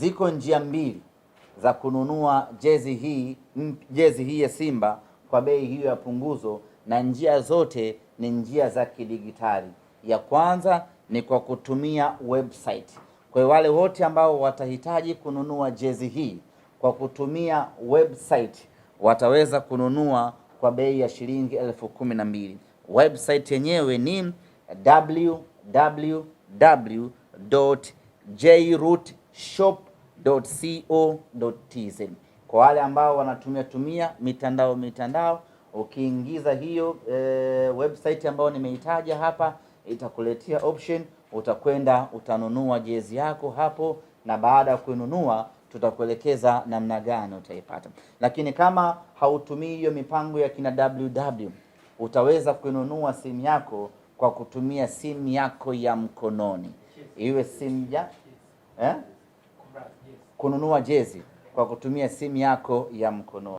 Ziko njia mbili za kununua jezi hii jezi hii ya Simba kwa bei hiyo ya punguzo, na njia zote ni njia za kidigitali. Ya kwanza ni kwa kutumia website. Kwa wale wote ambao watahitaji kununua jezi hii kwa kutumia website wataweza kununua kwa bei ya shilingi elfu kumi na mbili. Website yenyewe ni www.jrootshop .co.tz. Kwa wale ambao wanatumia tumia mitandao mitandao, ukiingiza hiyo e, website ambayo nimeitaja hapa, itakuletea option, utakwenda utanunua jezi yako hapo, na baada ya kuinunua tutakuelekeza namna gani utaipata. Lakini kama hautumii hiyo mipango ya kina www, utaweza kuinunua simu yako kwa kutumia simu yako ya mkononi, iwe simu ya eh? kununua jezi kwa kutumia simu yako ya mkononi.